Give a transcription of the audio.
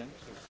evidente